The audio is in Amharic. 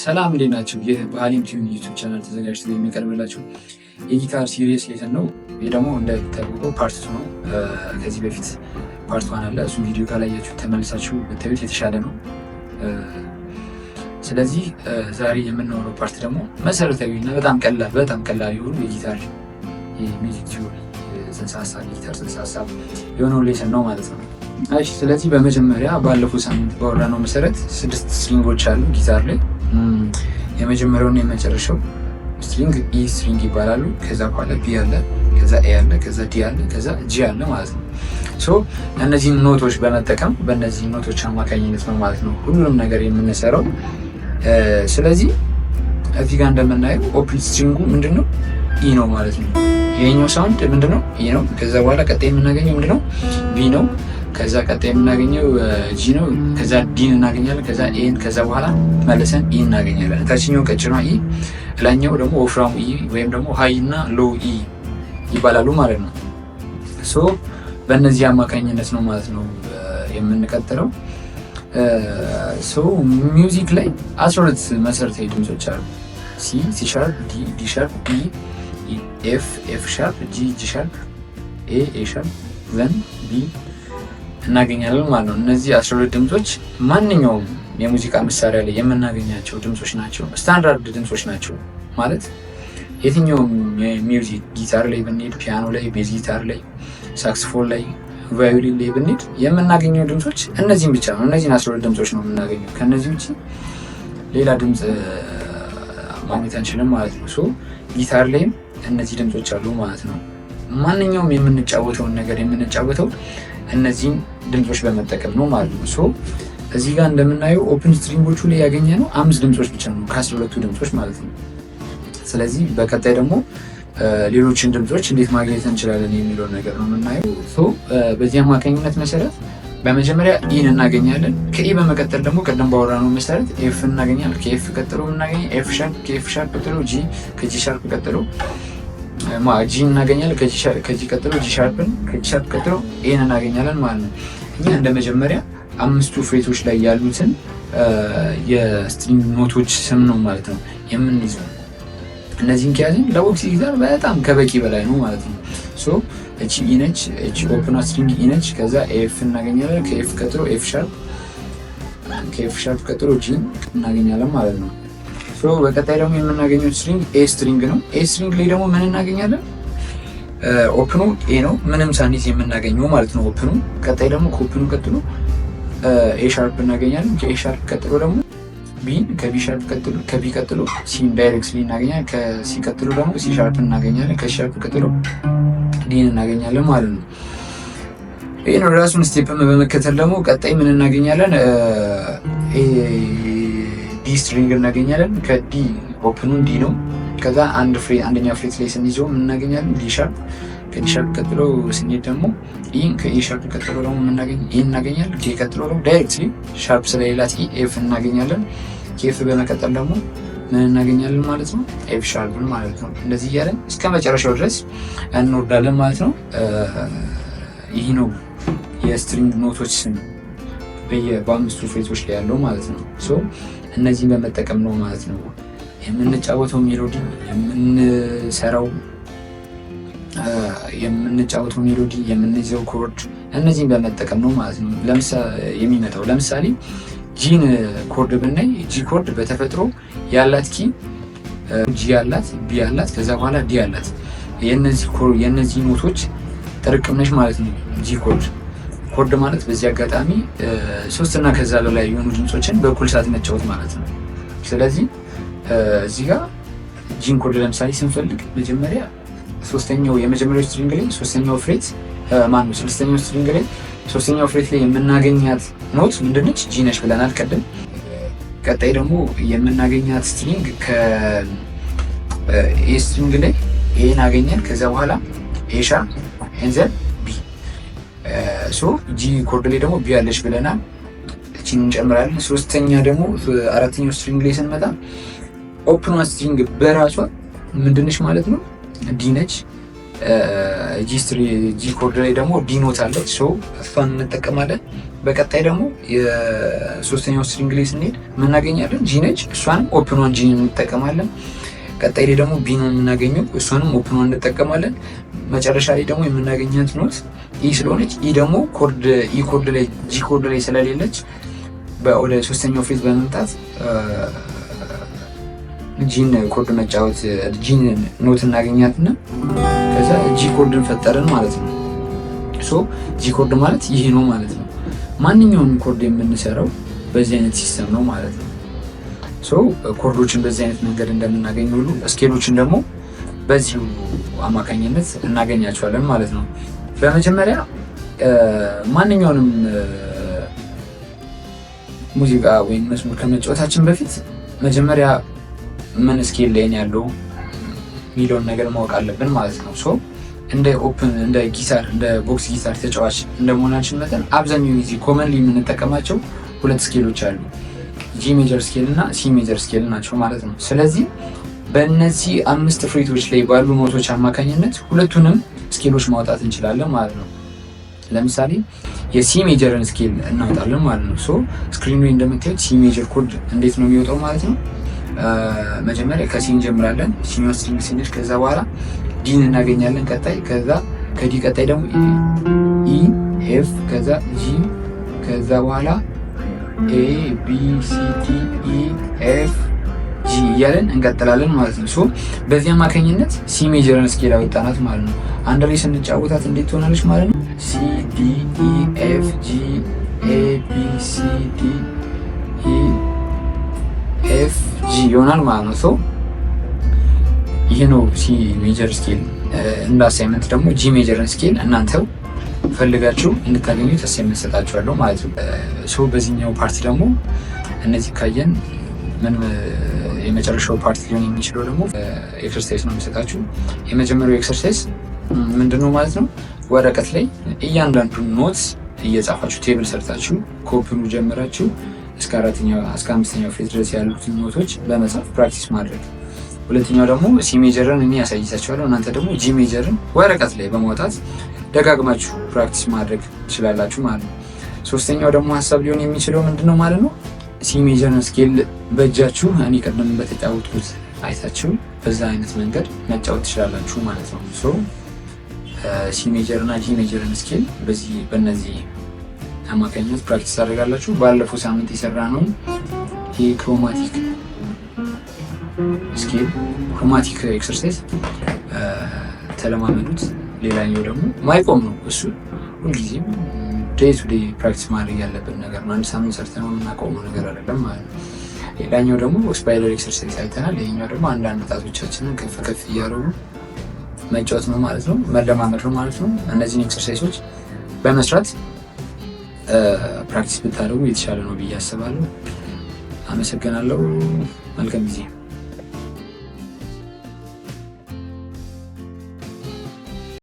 ሰላም እንዴት ናችሁ? ይህ ባህሊም ቲዩን ዩቱብ ቻናል ተዘጋጅቶ የሚቀርብላችሁ የጊታር ሲሪየስ ሌሰን ነው። ይህ ደግሞ እንደሚታወቀው ፓርት ቱ ነው። ከዚህ በፊት ፓርት ዋን አለ። እሱ ቪዲዮ ካላያችሁ ተመልሳችሁ ብታዩት የተሻለ ነው። ስለዚህ ዛሬ የምናወራው ፓርት ደግሞ መሰረታዊ እና በጣም ቀላል በጣም ቀላል የሆኑ የጊታር የሚዚክ ቲዎሪ ጽንሰ ሀሳብ የጊታር ጽንሰ ሀሳብ የሆነው ሌሰን ነው ማለት ነው። እሺ ስለዚህ በመጀመሪያ ባለፈው ሳምንት ባወራነው መሰረት ስድስት ስሊንጎች አሉ ጊታር ላይ የመጀመሪያውና የመጨረሻው ስትሪንግ ኢ ስትሪንግ ይባላሉ። ከዛ በኋላ ቢ አለ፣ ከዛ ኤ አለ፣ ከዛ ዲ አለ፣ ከዛ ጂ አለ ማለት ነው። ሶ እነዚህን ኖቶች በመጠቀም በእነዚህ ኖቶች አማካኝነት ነው ማለት ነው ሁሉንም ነገር የምንሰራው። ስለዚህ እዚህ ጋር እንደምናየው ኦፕን ስትሪንጉ ምንድነው ኢ ነው ማለት ነው። የኛው ሳውንድ ምንድነው ኢ ነው። ከዛ በኋላ ቀጣይ የምናገኘው ምንድነው ቢ ነው። ከዛ ቀጣይ የምናገኘው ጂ ነው። ከዛ ዲን እናገኛለን። ከዛ ኤን ከዛ በኋላ መልሰን ኢ እናገኛለን። ታችኛው ቀጭኗ ኢ፣ ላኛው ደግሞ ወፍራሙ ኢ ወይም ደግሞ ሀይ እና ሎው ኢ ይባላሉ ማለት ነው። ሶ በእነዚህ አማካኝነት ነው ማለት ነው የምንቀጥለው። ሶ ሚውዚክ ላይ አስራ ሁለት መሰረታዊ ድምፆች አሉ። ሲ፣ ሲ ሻርፕ፣ ዲ፣ ዲ ሻርፕ፣ ኢ፣ ኤፍ ሻርፕ፣ ጂ፣ ጂ ሻርፕ፣ ኤ፣ ኤ ሻርፕ፣ ዘን ቢ እናገኛለን ማለት ነው። እነዚህ ሁለት ድምፆች ማንኛውም የሙዚቃ መሳሪያ ላይ የምናገኛቸው ድምፆች ናቸው። ስታንዳርድ ድምፆች ናቸው ማለት የትኛውም የሚውዚክ ጊታር ላይ ብንሄድ፣ ፒያኖ ላይ፣ ቤዝ ጊታር ላይ፣ ሳክስፎን ላይ፣ ቫዮሊን ላይ ብንሄድ የምናገኘው ድምፆች እነዚህም ብቻ ነው። እነዚህን 12 ድምፆች ነው የምናገኘው። ከእነዚህ ውጭ ሌላ ድምፅ ማግኘት አንችልም ማለት ነው። ጊታር ላይም እነዚህ ድምፆች አሉ ማለት ነው። ማንኛውም የምንጫወተውን ነገር የምንጫወተው እነዚህን ድምፆች በመጠቀም ነው ማለት ነው። ሶ እዚህ ጋር እንደምናየው ኦፕን ስትሪንጎቹ ላይ ያገኘ ነው አምስት ድምፆች ብቻ ነው ከአስራ ሁለቱ ድምፆች ማለት ነው። ስለዚህ በቀጣይ ደግሞ ሌሎችን ድምፆች እንዴት ማግኘት እንችላለን የሚለውን ነገር ነው የምናየው። በዚህ አማካኝነት መሰረት በመጀመሪያ ኢን e እናገኛለን። ከኢ e በመቀጠል ደግሞ ቀደም ባወራነው መሰረት ኤፍ እናገኛለን። ከኤፍ ቀጥሎ የምናገኘ ኤፍ ሻርፕ፣ ከኤፍ ሻርፕ ቀጥሎ ጂ፣ ከጂ ሻርፕ ቀጥሎ ጂን እናገኛለን። ከዚህ ቀጥሎ ሻርፕን፣ ጂሻርፕን ሻርፕ ቀጥሎ ኤን እናገኛለን ማለት ነው። እኛ እንደ መጀመሪያ አምስቱ ፍሬቶች ላይ ያሉትን የስትሪንግ ኖቶች ስም ነው ማለት ነው የምንይዘው። እነዚህን ከያዝን ለቦክስ ጊታር በጣም ከበቂ በላይ ነው ማለት ነው። ሶ እቺ ኢነች e እቺ ኦፕን ስትሪንግ ኢነች። e ከዛ ኤፍ እናገኛለን። ከኤፍ ቀጥሎ ኤፍ ሻርፕ፣ ከኤፍ ሻርፕ ቀጥሎ ጂን እናገኛለን ማለት ነው። በቀጣይ ደግሞ የምናገኘው ስትሪንግ ኤ ስትሪንግ ነው። ኤ ስትሪንግ ላይ ደግሞ ምን እናገኛለን? ኦፕኑ ኤ ነው፣ ምንም ሳንይዝ የምናገኘው ማለት ነው። ኦፕኑ ቀጣይ ደግሞ ከኦፕኑ ቀጥሎ ኤ ሻርፕ እናገኛለን። ከኤ ሻርፕ ቀጥሎ ደግሞ ቢን፣ ከቢ ሻርፕ ቀጥሎ ከቢ ቀጥሎ ሲን ዳይሬክትሊ እናገኛለን። ከሲ ቀጥሎ ደግሞ ሲ ሻርፕ እናገኛለን። ከሲ ሻርፕ ቀጥሎ ዲን እናገኛለን ማለት ነው። ይህን ራሱን ስቴፕ በመከተል ደግሞ ቀጣይ ምን እናገኛለን? ዲ ስትሪንግ እናገኛለን። ከዲ ኦፕኑ ዲ ነው። ከዛ አንድ ፍሬ አንደኛ ፍሬት ላይ ስንይዘው እናገኛለን ዲ ሻርፕ። ከዲ ሻርፕ ቀጥሎ ስንሄድ ደግሞ ኢን ከኢ ሻርፕ ቀጥሎ ደግሞ የምናገኝ ኢ e እናገኛለን። ዲ ቀጥሎ ደግሞ ዳይሬክት ሻርፕ ስለሌላት ኢ e, ኤፍ እናገኛለን። ኬፍ በመቀጠል ደግሞ ምን እናገኛለን ማለት ነው ኤፍ ሻርፕን ማለት ነው። እንደዚህ እያለን እስከ መጨረሻው ድረስ እንወርዳለን ማለት ነው። ይህ ነው የስትሪንግ ኖቶች ስም። በአምስቱ ፌቶች ላይ ያለው ማለት ነው። እነዚህን በመጠቀም ነው ማለት ነው የምንጫወተው ሜሎዲ የምንሰራው የምንጫወተው ሜሎዲ የምንይዘው ኮርድ እነዚህን በመጠቀም ነው ማለት ነው የሚመጣው። ለምሳሌ ጂን ኮርድ ብናይ ጂ ኮርድ በተፈጥሮ ያላት ኪ ጂ ያላት ቢ ያላት ከዛ በኋላ ዲ ያላት የነዚህ ኖቶች ጥርቅምነች ማለት ነው ጂ ኮርድ ኮርድ ማለት በዚህ አጋጣሚ ሶስት እና ከዛ በላይ የሆኑ ድምፆችን በእኩል ሰዓት መጫወት ማለት ነው። ስለዚህ እዚህ ጋር ጂን ኮርድ ለምሳሌ ስንፈልግ መጀመሪያ ሶስተኛው የመጀመሪያው ስትሪንግ ላይ ሶስተኛው ፍሬት ማን ነው፣ ስድስተኛው ስትሪንግ ላይ ሶስተኛው ፍሬት ላይ የምናገኛት ኖት ምንድነች? ጂነች ብለን ቀደም። ቀጣይ ደግሞ የምናገኛት ስትሪንግ ከኤ ስትሪንግ ላይ ኤን አገኘን። ከዛ በኋላ ኤሻ ኤንዘን ሶ ጂ ኮርድ ላይ ደግሞ ቢ ያለች ብለናል። እቺን እንጨምራለን። ሶስተኛ ደግሞ አራተኛው ስትሪንግ ላይ ስንመጣ ዋን ስትሪንግ በራሷ ምንድነች ማለት ነው ዲ ነች። ጂ ኮርድ ላይ ደግሞ ዲ ኖት አለች። ሶ እሷን እንጠቀማለን። በቀጣይ ደግሞ የሶስተኛው ስትሪንግ ላይ ስንሄድ ምናገኛለን ጂ ነች። እሷንም ዋን ጂ እንጠቀማለን። ቀጣይ ላይ ደግሞ ቢ ነው የምናገኘው። እሷንም ዋን እንጠቀማለን። መጨረሻ ላይ ደግሞ የምናገኛት ኖት ኢ ስለሆነች ኢ ደግሞ ኮርድ ኢ ኮርድ ላይ ጂ ኮርድ ላይ ስለሌለች ወደ ሶስተኛው ፌዝ በመምጣት ጂን ኮርድ መጫወት ጂን ኖት እናገኛትና ከዛ ጂ ኮርድን ፈጠርን ማለት ነው። ሶ ጂ ኮርድ ማለት ይሄ ነው ማለት ነው። ማንኛውም ኮርድ የምንሰራው በዚህ አይነት ሲስተም ነው ማለት ነው። ኮርዶችን በዚህ አይነት መንገድ እንደምናገኝ ሁሉ ስኬሎችን ደግሞ በዚሁ አማካኝነት እናገኛቸዋለን ማለት ነው። በመጀመሪያ ማንኛውንም ሙዚቃ ወይም መስሙር ከመጫወታችን በፊት መጀመሪያ ምን ስኬል ላይ ያለው የሚለውን ነገር ማወቅ አለብን ማለት ነው። ሶ እንደ ኦፕን እንደ ጊታር እንደ ቦክስ ጊታር ተጫዋች እንደመሆናችን መጠን አብዛኛው ጊዜ ኮመንሊ የምንጠቀማቸው ሁለት ስኬሎች አሉ። ጂ ሜጀር ስኬል እና ሲ ሜጀር ስኬል ናቸው ማለት ነው። ስለዚህ በእነዚህ አምስት ፍሬቶች ላይ ባሉ ኖቶች አማካኝነት ሁለቱንም ስኬሎች ማውጣት እንችላለን ማለት ነው። ለምሳሌ የሲ ሜጀርን ስኬል እናወጣለን ማለት ነው። ሶ ስክሪኑ ላይ እንደምታዩት ሲ ሜጀር ኮድ እንዴት ነው የሚወጣው ማለት ነው። መጀመሪያ ከሲ እንጀምራለን። ሲኒር ስትሪንግ ሲንሽ፣ ከዛ በኋላ ዲን እናገኛለን ቀጣይ። ከዛ ከዲ ቀጣይ ደግሞ ኢ ኤፍ፣ ከዛ ጂ፣ ከዛ በኋላ ኤ ቢ ሲ ዲ ኢ ኤፍ ጂ እያለን እንቀጥላለን ማለት ነው። ሶ በዚህ አማካኝነት ሲ ሜጀርን ስኬል አወጣናት ማለት ነው። አንድ ላይ ስንጫወታት እንዴት ትሆናለች ማለት ነው። ሲ ዲ ኢ ኤፍ ጂ ኤ ቢ ሲ ዲ ኢ ኤፍ ጂ ይሆናል ማለት ነው። ሶ ይህ ነው ሲ ሜጀር ስኬል። እንደ አሳይመንት ደግሞ ጂ ሜጀርን ስኬል እናንተው ፈልጋችሁ እንድታገኙ ተስ የምንሰጣችኋለሁ ማለት ነው። ሰው በዚህኛው ፓርቲ ደግሞ እነዚህ ካየን ምን የመጨረሻው ፓርቲ ሊሆን የሚችለው ደግሞ ኤክሰርሳይዝ ነው የሚሰጣችሁ። የመጀመሪያው ኤክሰርሳይዝ ምንድነው ማለት ነው? ወረቀት ላይ እያንዳንዱን ኖት እየጻፋችሁ ቴብል ሰርታችሁ ኮፕኑ ጀምራችሁ እስከ አራተኛው እስከ አምስተኛው ፌዝ ድረስ ያሉትን ኖቶች በመጻፍ ፕራክቲስ ማድረግ ሁለተኛው ደግሞ ሲ ሜጀርን እኔ ያሳይታችኋለሁ። እናንተ ደግሞ ጂ ሜጀርን ወረቀት ላይ በማውጣት ደጋግማችሁ ፕራክቲስ ማድረግ ትችላላችሁ ማለት ነው። ሶስተኛው ደግሞ ሀሳብ ሊሆን የሚችለው ምንድን ነው ማለት ነው ሲሜጀርን ስኬል በእጃችሁ እኔ ቀደም በተጫወትኩት አይታችሁ በዛ አይነት መንገድ መጫወት ትችላላችሁ ማለት ነው። ሶ ሲሜጀር uh, እና ጂሜጀርን ስኬል በዚህ በነዚህ አማካኝነት ፕራክቲስ ታደርጋላችሁ። ባለፈው ሳምንት የሰራ ነው ይህ ክሮማቲክ ስኬል ክሮማቲክ ኤክሰርሳይዝ ተለማመዱት። ሌላኛው ደግሞ ማይቆም ነው። እሱ ሁልጊዜም ዴይ ቱ ዴይ ፕራክቲስ ማድረግ ያለብን ነገር ነው። አንድ ሳምንት ሰርተነው የምናቆመው ነገር አይደለም ማለት ነው። ሌላኛው ደግሞ ስፓይደር ኤክሰርሳይዝ አይተናል። ይሄኛው ደግሞ አንዳንድ ጣቶቻችንን ከፍ ከፍ እያደረጉ መጫወት ነው ማለት ነው፣ መለማመድ ነው ማለት ነው። እነዚህን ኤክሰርሳይሶች በመስራት ፕራክቲስ ብታደርጉ የተሻለ ነው ብዬ አስባለሁ። አመሰግናለሁ። መልካም ጊዜ